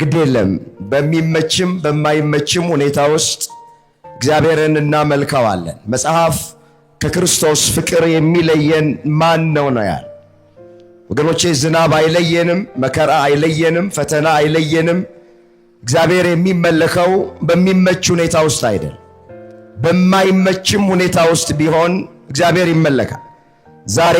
ግድ የለም በሚመችም በማይመችም ሁኔታ ውስጥ እግዚአብሔርን እናመልከዋለን። መጽሐፍ ከክርስቶስ ፍቅር የሚለየን ማን ነው ነው ያል ወገኖቼ፣ ዝናብ አይለየንም፣ መከራ አይለየንም፣ ፈተና አይለየንም። እግዚአብሔር የሚመለከው በሚመች ሁኔታ ውስጥ አይደል፣ በማይመችም ሁኔታ ውስጥ ቢሆን እግዚአብሔር ይመለካል። ዛሬ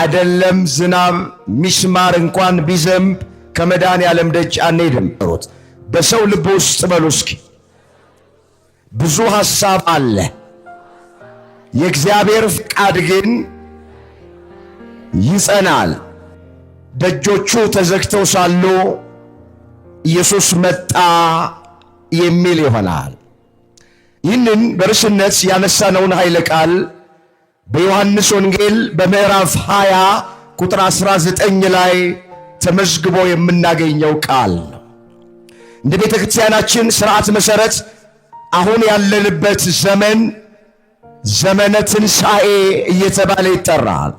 አደለም ዝናብ ሚስማር እንኳን ቢዘንብ ከመዳን ያለም ደጅ አንሄድም። ሮት በሰው ልብ ውስጥ በሉ እስኪ ብዙ ሐሳብ አለ። የእግዚአብሔር ፍቃድ ግን ይጸናል። ደጆቹ ተዘግተው ሳሉ ኢየሱስ መጣ የሚል ይሆናል። ይህንን በርዕስነት ያነሳነውን ኃይለ ቃል በዮሐንስ ወንጌል በምዕራፍ 20 ቁጥር 19 ላይ ተመዝግቦ የምናገኘው ቃል ነው። እንደ ቤተ ክርስቲያናችን ስርዓት መሰረት አሁን ያለንበት ዘመን ዘመነ ትንሣኤ እየተባለ ይጠራል።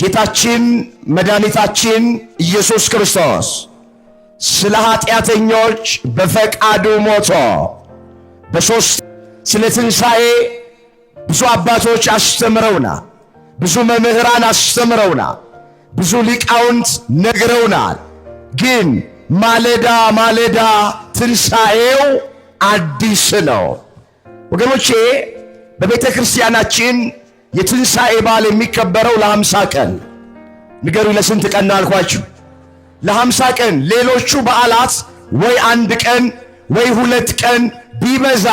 ጌታችን መድኃኒታችን ኢየሱስ ክርስቶስ ስለ ኃጢአተኞች በፈቃዱ ሞቶ በሦስት ስለ ትንሣኤ ብዙ አባቶች አስተምረውና ብዙ መምህራን አስተምረውና ብዙ ሊቃውንት ነግረውናል። ግን ማለዳ ማለዳ ትንሣኤው አዲስ ነው። ወገኖቼ በቤተ ክርስቲያናችን የትንሣኤ በዓል የሚከበረው ለሐምሳ ቀን ንገሩ። ለስንት ቀን አልኳችሁ? ለሐምሳ ቀን። ሌሎቹ በዓላት ወይ አንድ ቀን ወይ ሁለት ቀን ቢበዛ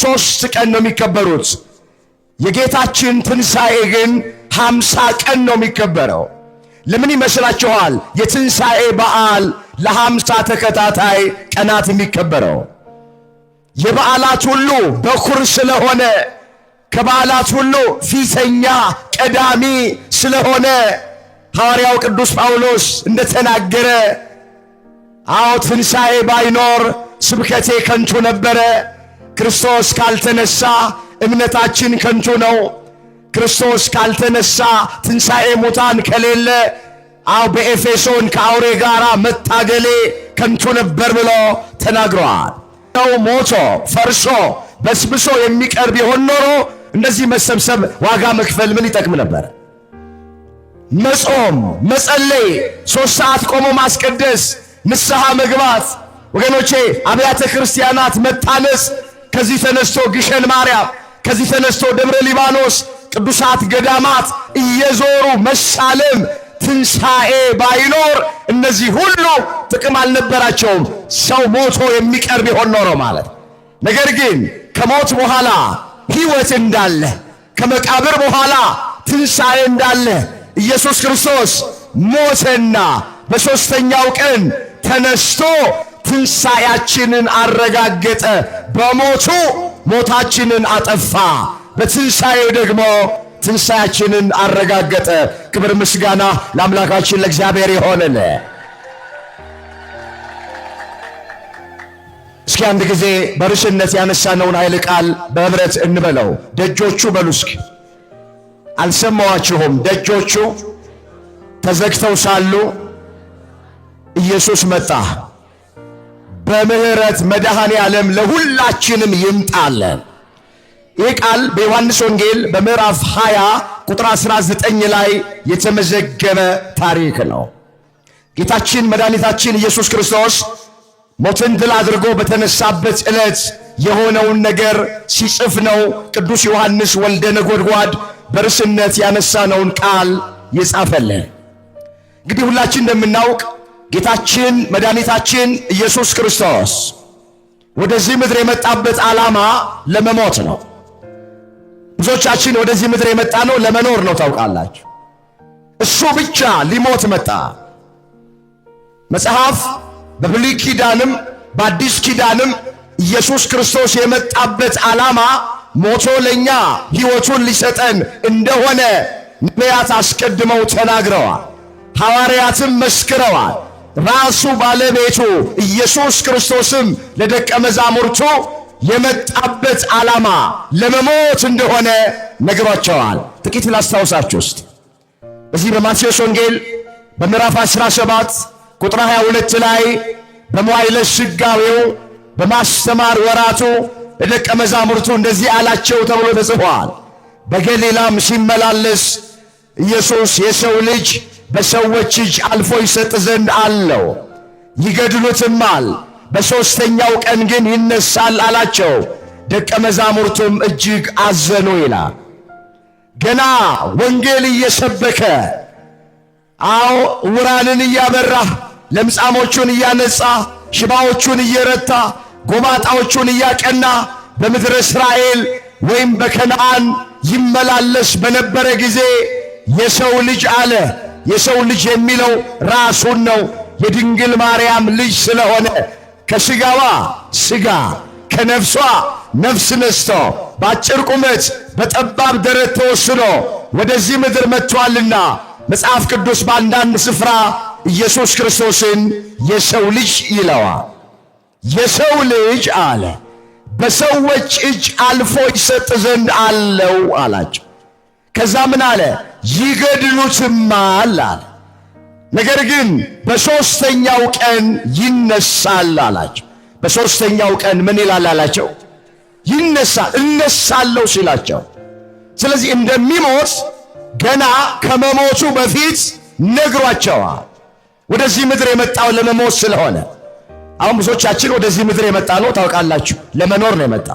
ሦስት ቀን ነው የሚከበሩት። የጌታችን ትንሣኤ ግን ሐምሳ ቀን ነው የሚከበረው። ለምን ይመስላችኋል የትንሣኤ በዓል ለሐምሳ ተከታታይ ቀናት የሚከበረው? የበዓላት ሁሉ በኩር ስለሆነ ከበዓላት ሁሉ ፊተኛ ቀዳሚ ስለሆነ ሐዋርያው ቅዱስ ጳውሎስ እንደተናገረ፣ አዎ ትንሣኤ ባይኖር ስብከቴ ከንቱ ነበረ፣ ክርስቶስ ካልተነሳ እምነታችን ከንቱ ነው ክርስቶስ ካልተነሳ ትንሣኤ ሙታን ከሌለ አው በኤፌሶን ከአውሬ ጋር መታገሌ ከንቱ ነበር ብሎ ተናግረዋል። ነው ሞቶ ፈርሶ በስብሶ የሚቀርብ ቢሆን ኖሮ እንደዚህ መሰብሰብ ዋጋ መክፈል ምን ይጠቅም ነበር? መጾም፣ መጸለይ፣ ሶስት ሰዓት ቆሞ ማስቀደስ፣ ንስሐ መግባት፣ ወገኖቼ አብያተ ክርስቲያናት መታነጽ፣ ከዚህ ተነስቶ ግሸን ማርያም፣ ከዚህ ተነስቶ ደብረ ሊባኖስ ቅዱሳት ገዳማት እየዞሩ መሳለም ትንሣኤ ባይኖር እነዚህ ሁሉ ጥቅም አልነበራቸውም። ሰው ሞቶ የሚቀር ቢሆን ኖሮ ማለት ነገር ግን ከሞት በኋላ ሕይወት እንዳለ ከመቃብር በኋላ ትንሣኤ እንዳለ ኢየሱስ ክርስቶስ ሞተና በሦስተኛው ቀን ተነስቶ ትንሣኤያችንን አረጋገጠ። በሞቱ ሞታችንን አጠፋ። በትንሣኤው ደግሞ ትንሣያችንን አረጋገጠ። ክብር ምስጋና ለአምላካችን ለእግዚአብሔር ይሆንን። እስኪ አንድ ጊዜ በርዕስነት ያነሳነውን ኃይል ቃል በህብረት እንበለው። ደጆቹ በሉ እስኪ። አልሰማዋችሁም? ደጆቹ ተዘግተው ሳሉ ኢየሱስ መጣ። በምህረት መድኃኔ ዓለም ለሁላችንም ይምጣለን። ይህ ቃል በዮሐንስ ወንጌል በምዕራፍ 20 ቁጥር 19 ላይ የተመዘገበ ታሪክ ነው። ጌታችን መድኃኒታችን ኢየሱስ ክርስቶስ ሞትን ድል አድርጎ በተነሳበት ዕለት የሆነውን ነገር ሲጽፍ ነው ቅዱስ ዮሐንስ ወልደ ነጎድጓድ በርስነት ያነሳነውን ቃል የጻፈልን። እንግዲህ ሁላችን እንደምናውቅ ጌታችን መድኃኒታችን ኢየሱስ ክርስቶስ ወደዚህ ምድር የመጣበት ዓላማ ለመሞት ነው። ብዙዎቻችን ወደዚህ ምድር የመጣ ነው ለመኖር ነው። ታውቃላችሁ፣ እሱ ብቻ ሊሞት መጣ። መጽሐፍ በብሉይ ኪዳንም በአዲስ ኪዳንም ኢየሱስ ክርስቶስ የመጣበት ዓላማ ሞቶ ለእኛ ሕይወቱን ሊሰጠን እንደሆነ ነቢያት አስቀድመው ተናግረዋል፣ ሐዋርያትም መስክረዋል። ራሱ ባለቤቱ ኢየሱስ ክርስቶስም ለደቀ መዛሙርቱ የመጣበት ዓላማ ለመሞት እንደሆነ ነግሯቸዋል። ጥቂት ላስታውሳችሁ ውስጥ እዚህ በማቴዎስ ወንጌል በምዕራፍ 17 ቁጥር 22 ላይ በመዋዕለ ሥጋዌው በማስተማር ወራቱ ለደቀ መዛሙርቱ እንደዚህ አላቸው ተብሎ ተጽፏል። በገሊላም ሲመላለስ ኢየሱስ የሰው ልጅ በሰዎች እጅ አልፎ ይሰጥ ዘንድ አለው፣ ይገድሉትማል በሦስተኛው ቀን ግን ይነሳል አላቸው። ደቀ መዛሙርቱም እጅግ አዘኑ ይላል። ገና ወንጌል እየሰበከ አዎ ዕውራንን እያበራ ለምጻሞቹን እያነጻ ሽባዎቹን እየረታ ጎባጣዎቹን እያቀና በምድረ እስራኤል ወይም በከነዓን ይመላለስ በነበረ ጊዜ የሰው ልጅ አለ። የሰው ልጅ የሚለው ራሱን ነው የድንግል ማርያም ልጅ ስለሆነ ከስጋዋ ስጋ ከነፍሷ ነፍስ ነስቶ በአጭር ቁመት በጠባብ ደረት ተወስኖ ወደዚህ ምድር መጥቷልና መጽሐፍ ቅዱስ በአንዳንድ ስፍራ ኢየሱስ ክርስቶስን የሰው ልጅ ይለዋል። የሰው ልጅ አለ በሰዎች እጅ አልፎ ይሰጥ ዘንድ አለው አላቸው። ከዛ ምን አለ? ይገድሉትማል አለ ነገር ግን በሦስተኛው ቀን ይነሳል አላቸው። በሦስተኛው ቀን ምን ይላል አላቸው? ይነሳል። እነሳለሁ ሲላቸው፣ ስለዚህ እንደሚሞት ገና ከመሞቱ በፊት ነግሯቸዋል። ወደዚህ ምድር የመጣው ለመሞት ስለሆነ አሁን ብዙዎቻችን ወደዚህ ምድር የመጣ ነው ታውቃላችሁ፣ ለመኖር ነው የመጣ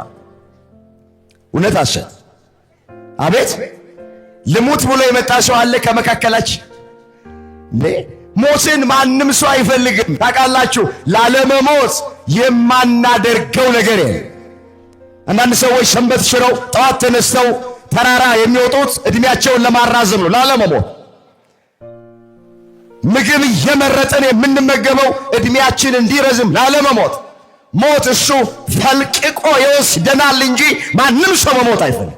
እውነት አሰ አቤት ልሙት ብሎ የመጣ ሰው አለ ከመካከላችን ሞትን ማንም ሰው አይፈልግም። ታውቃላችሁ፣ ላለመሞት የማናደርገው ነገር የለም። አንዳንድ ሰዎች ሰንበት ሽረው ጠዋት ተነስተው ተራራ የሚወጡት እድሜያቸውን ለማራዘም ነው፣ ላለመሞት። ምግብ እየመረጠን የምንመገበው እድሜያችን እንዲረዝም፣ ላለመሞት። ሞት እሱ ፈልቅቆ ይወስደናል እንጂ ማንም ሰው መሞት አይፈልግም።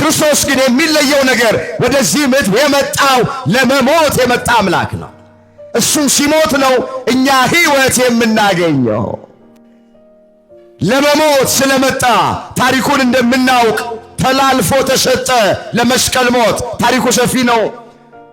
ክርስቶስ ግን የሚለየው ነገር ወደዚህ ምድር የመጣው ለመሞት የመጣ አምላክ ነው። እሱ ሲሞት ነው እኛ ሕይወት የምናገኘው። ለመሞት ስለመጣ ታሪኩን እንደምናውቅ ተላልፎ ተሰጠ ለመስቀል ሞት። ታሪኩ ሰፊ ነው።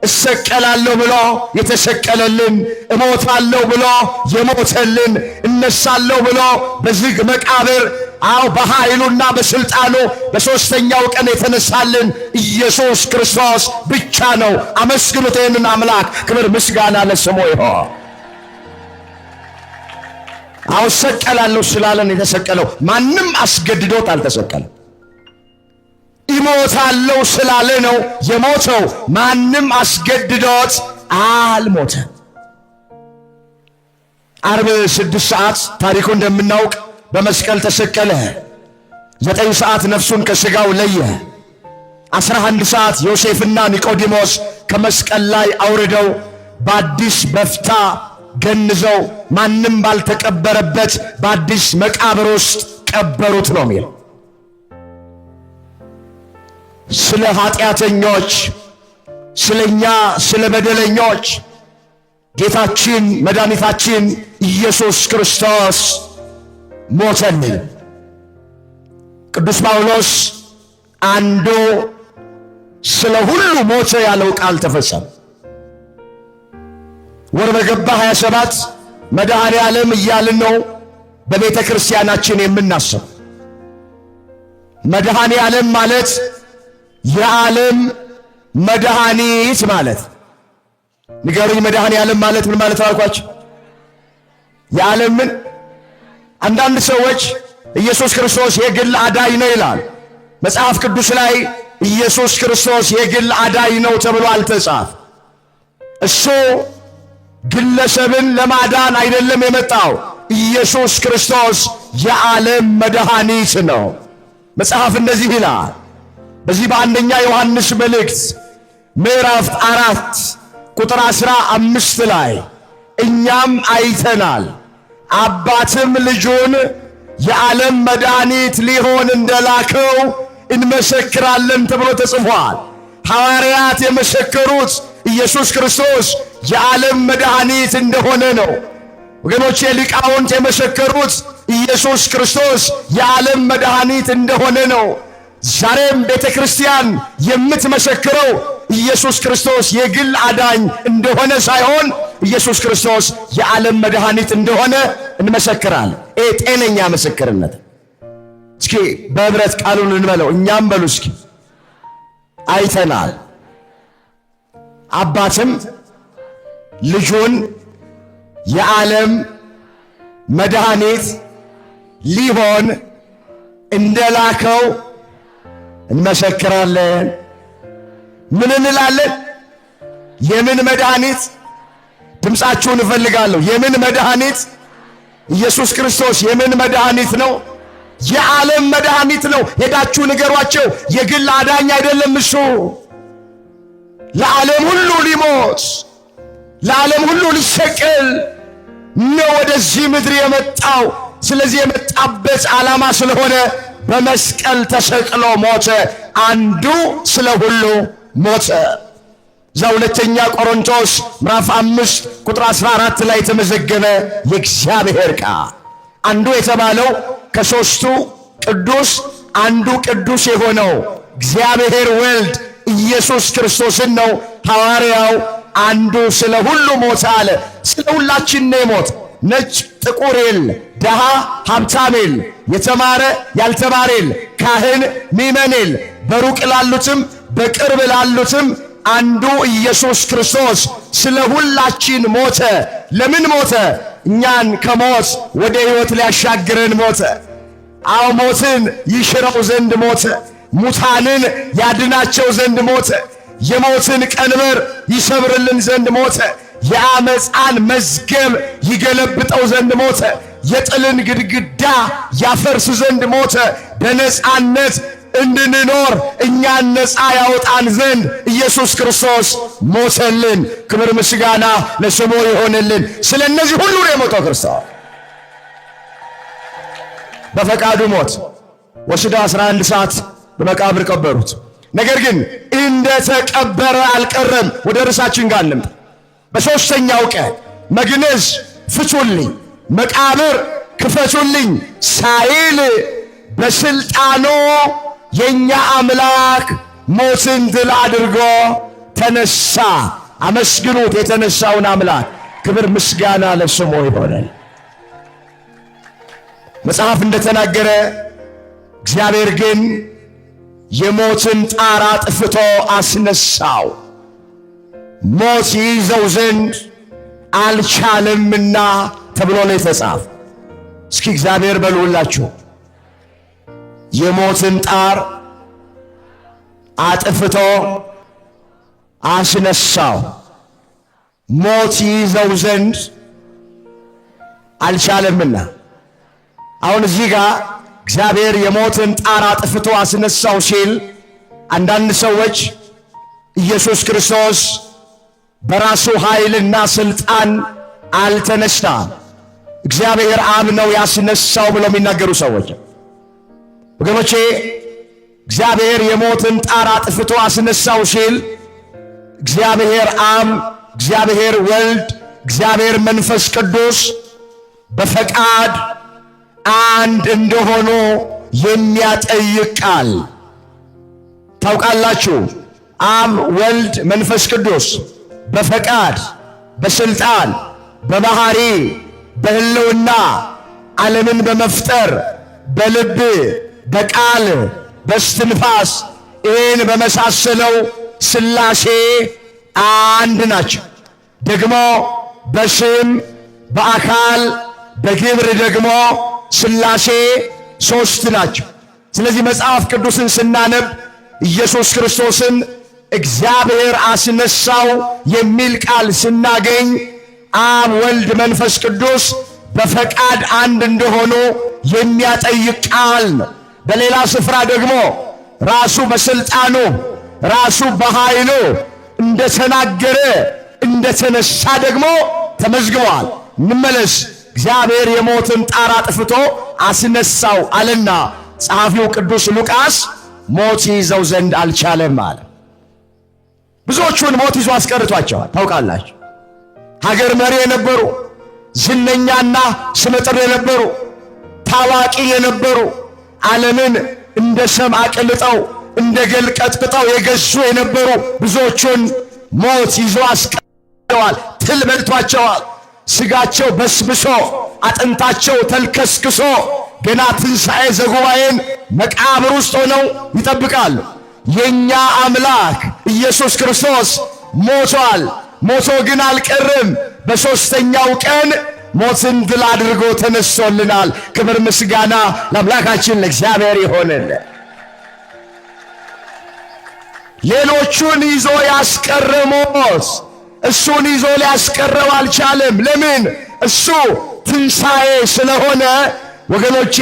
እሰቀላለሁ ብሎ የተሰቀለልን፣ እሞታለሁ ብሎ የሞተልን፣ እነሳለሁ ብሎ በዝግ መቃብር አዎ በኃይሉና በስልጣኑ በሦስተኛው ቀን የተነሳልን ኢየሱስ ክርስቶስ ብቻ ነው። አመስግኑት ይህንን አምላክ። ክብር ምስጋና ለስሙ ይሆን። አዎ ሰቀላለሁ ስላለን የተሰቀለው ማንም አስገድዶት አልተሰቀለም። ይሞታለው ስላለ ነው የሞተው። ማንም አስገድዶት አልሞተ። አርብ ስድስት ሰዓት ታሪኩ እንደምናውቅ በመስቀል ተሰቀለ። ዘጠኝ ሰዓት ነፍሱን ከሥጋው ለየ። አስራ አንድ ሰዓት ዮሴፍና ኒቆዲሞስ ከመስቀል ላይ አውርደው በአዲስ በፍታ ገንዘው ማንም ባልተቀበረበት በአዲስ መቃብር ውስጥ ቀበሩት ነው የሚል ስለ ኃጢአተኞች ስለኛ ስለ በደለኞች ጌታችን መድኃኒታችን ኢየሱስ ክርስቶስ ሞተልኝ። ቅዱስ ጳውሎስ አንዱ ስለ ሁሉ ሞተ ያለው ቃል ተፈጸመ። ወር በገባ 27 መድኃኔ ዓለም እያልን ነው በቤተ ክርስቲያናችን የምናስብ። መድኃኔ ዓለም ማለት የዓለም መድኃኒት ማለት ንገሩኝ። መድኃኔ ዓለም ማለት ምን ማለት አልኳችሁ? የዓለም ምን አንዳንድ ሰዎች ኢየሱስ ክርስቶስ የግል አዳኝ ነው ይላል። መጽሐፍ ቅዱስ ላይ ኢየሱስ ክርስቶስ የግል አዳኝ ነው ተብሎ አልተጻፈ። እሱ ግለሰብን ለማዳን አይደለም የመጣው። ኢየሱስ ክርስቶስ የዓለም መድኃኒት ነው። መጽሐፍ እንደዚህ ይላል። በዚህ በአንደኛ ዮሐንስ መልእክት ምዕራፍ አራት ቁጥር አስራ አምስት ላይ እኛም አይተናል አባትም ልጁን የዓለም መድኃኒት ሊሆን እንደላከው እንመሰክራለን ተብሎ ተጽፏል። ሐዋርያት የመሰከሩት ኢየሱስ ክርስቶስ የዓለም መድኃኒት እንደሆነ ነው። ወገኖች ሊቃውንት የመሰከሩት ኢየሱስ ክርስቶስ የዓለም መድኃኒት እንደሆነ ነው። ዛሬም ቤተ ክርስቲያን የምትመሰክረው ኢየሱስ ክርስቶስ የግል አዳኝ እንደሆነ ሳይሆን ኢየሱስ ክርስቶስ የዓለም መድኃኒት እንደሆነ እንመሰክራለን። ይሄ ጤነኛ ምስክርነት። እስኪ በህብረት ቃሉን እንበለው፣ እኛም በሉ እስኪ። አይተናል። አባትም ልጁን የዓለም መድኃኒት ሊሆን እንደላከው እንመሰክራለን። ምን እንላለን? የምን መድኃኒት? ድምፃችሁን እፈልጋለሁ። የምን መድኃኒት? ኢየሱስ ክርስቶስ የምን መድኃኒት ነው? የዓለም መድኃኒት ነው። ሄዳችሁ ንገሯቸው። የግል አዳኝ አይደለም እሱ። ለዓለም ሁሉ ሊሞት ለዓለም ሁሉ ሊሰቀል ነው ወደዚህ ምድር የመጣው። ስለዚህ የመጣበት ዓላማ ስለሆነ በመስቀል ተሰቅሎ ሞተ፣ አንዱ ስለ ሁሉ ሞተ። እዛ ሁለተኛ ቆሮንቶስ ምዕራፍ አምስት ቁጥር 14 ላይ የተመዘገበ የእግዚአብሔር ቃል አንዱ የተባለው ከሦስቱ ቅዱስ አንዱ ቅዱስ የሆነው እግዚአብሔር ወልድ ኢየሱስ ክርስቶስን ነው። ሐዋርያው አንዱ ስለ ሁሉ ሞተ አለ። ስለ ሁላችን ነው የሞት ነጭ ጥቁር የል፣ ደሃ ሀብታም የተማረ ያልተማሬል ካህን ሚመኔል በሩቅ ላሉትም በቅርብ ላሉትም አንዱ ኢየሱስ ክርስቶስ ስለ ሁላችን ሞተ። ለምን ሞተ? እኛን ከሞት ወደ ሕይወት ሊያሻግረን ሞተ። አዎ ሞትን ይሽረው ዘንድ ሞተ። ሙታንን ያድናቸው ዘንድ ሞተ። የሞትን ቀንበር ይሰብርልን ዘንድ ሞተ። የአመፃን መዝገብ ይገለብጠው ዘንድ ሞተ። የጥልን ግድግዳ ያፈርስ ዘንድ ሞተ። በነፃነት እንድንኖር እኛን ነፃ ያወጣን ዘንድ ኢየሱስ ክርስቶስ ሞተልን። ክብር ምስጋና ለስሙ ይሆንልን። ስለ እነዚህ ሁሉ ነው የሞተው ክርስቶስ። በፈቃዱ ሞት ወስደው 11 ሰዓት በመቃብር ቀበሩት። ነገር ግን እንደ ተቀበረ አልቀረም። ወደ ርዕሳችን ጋር እንምጣ። በሦስተኛው ቀን መግነዝ ፍቱልኝ፣ መቃብር ክፈቱልኝ ሳይል በስልጣኖ የእኛ አምላክ ሞትን ድል አድርጎ ተነሳ። አመስግኑት የተነሳውን አምላክ። ክብር ምስጋና ለስሙ ይሆናል። መጽሐፍ እንደተናገረ እግዚአብሔር ግን የሞትን ጣራ ጥፍቶ አስነሳው፣ ሞት ይይዘው ዘንድ አልቻለምና ተብሎ ነው የተጻፈ። እስኪ እግዚአብሔር በልውላችሁ የሞትን ጣር አጥፍቶ አስነሳው። ሞት ይዘው ዘንድ አልቻለምና። አሁን እዚህ ጋር እግዚአብሔር የሞትን ጣር አጥፍቶ አስነሳው ሲል አንዳንድ ሰዎች ኢየሱስ ክርስቶስ በራሱ ኃይልና ስልጣን አልተነሳ፣ እግዚአብሔር አብ ነው ያስነሳው ብለው የሚናገሩ ሰዎች ወገኖቼ እግዚአብሔር የሞትን ጣራ ጥፍቶ አስነሳው ሲል እግዚአብሔር አብ፣ እግዚአብሔር ወልድ፣ እግዚአብሔር መንፈስ ቅዱስ በፈቃድ አንድ እንደሆኑ የሚያጠይቅ ቃል ታውቃላችሁ። አብ፣ ወልድ፣ መንፈስ ቅዱስ በፈቃድ በስልጣን በባህሪ በህልውና ዓለምን በመፍጠር በልብ በቃል በስትንፋስ ይህን በመሳሰለው ሥላሴ አንድ ናቸው። ደግሞ በስም በአካል በግብር ደግሞ ሥላሴ ሦስት ናቸው። ስለዚህ መጽሐፍ ቅዱስን ስናነብ ኢየሱስ ክርስቶስን እግዚአብሔር አስነሳው የሚል ቃል ስናገኝ አብ፣ ወልድ፣ መንፈስ ቅዱስ በፈቃድ አንድ እንደሆኑ የሚያጠይቅ ቃል ነው። በሌላ ስፍራ ደግሞ ራሱ በስልጣኑ ራሱ በኃይሉ እንደተናገረ እንደተነሳ ደግሞ ተመዝግቧል። እንመለስ። እግዚአብሔር የሞትን ጣራ ጥፍቶ አስነሳው አለና ጸሐፊው ቅዱስ ሉቃስ ሞት ይዘው ዘንድ አልቻለም አለ። ብዙዎቹን ሞት ይዞ አስቀርቷቸዋል። ታውቃላችሁ፣ ሀገር መሪ የነበሩ ዝነኛና ስመጥር የነበሩ ታዋቂ የነበሩ ዓለምን እንደ ሰም አቅልጠው እንደ ገል ቀጥቅጠው የገዙ የነበሩ ብዙዎቹን ሞት ይዞ አስቀረዋል። ትል በልቷቸዋል። ስጋቸው በስብሶ አጥንታቸው ተልከስክሶ ገና ትንሣኤ ዘጉባኤን መቃብር ውስጥ ሆነው ይጠብቃሉ። የእኛ አምላክ ኢየሱስ ክርስቶስ ሞቷል። ሞቶ ግን አልቀርም። በሦስተኛው ቀን ሞትን ድል አድርጎ ተነስቶልናል። ክብር ምስጋና ለአምላካችን ለእግዚአብሔር ይሆንል። ሌሎቹን ይዞ ያስቀረ ሞት እሱን ይዞ ሊያስቀረው አልቻለም። ለምን? እሱ ትንሣኤ ስለሆነ ወገኖቼ፣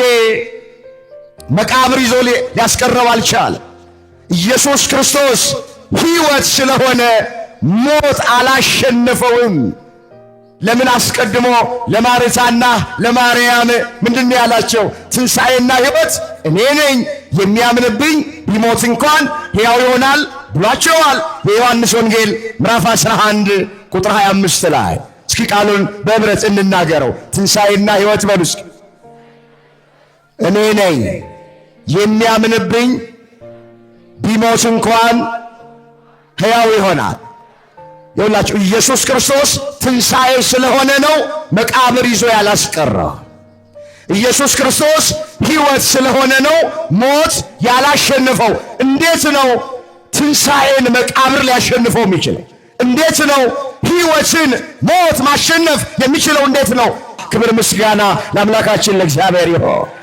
መቃብር ይዞ ሊያስቀረው አልቻለም። ኢየሱስ ክርስቶስ ሕይወት ስለሆነ ሞት አላሸነፈውም። ለምን አስቀድሞ ለማርታና ለማርያም ምንድን ያላቸው? ትንሣኤና ሕይወት እኔ ነኝ፣ የሚያምንብኝ ቢሞት እንኳን ሕያው ይሆናል ብሏቸዋል። የዮሐንስ ወንጌል ምዕራፍ 11 ቁጥር 25 ላይ እስኪ ቃሉን በኅብረት እንናገረው። ትንሣኤና ሕይወት በሉ እስኪ። እኔ ነኝ፣ የሚያምንብኝ ቢሞት እንኳን ሕያው ይሆናል የሁላችሁ ኢየሱስ ክርስቶስ ትንሣኤ ስለሆነ ነው መቃብር ይዞ ያላስቀራ ኢየሱስ ክርስቶስ ሕይወት ስለሆነ ነው ሞት ያላሸንፈው። እንዴት ነው ትንሣኤን መቃብር ሊያሸንፈው የሚችለው? እንዴት ነው ሕይወትን ሞት ማሸነፍ የሚችለው? እንዴት ነው? ክብር ምስጋና ለአምላካችን ለእግዚአብሔር ይሆን።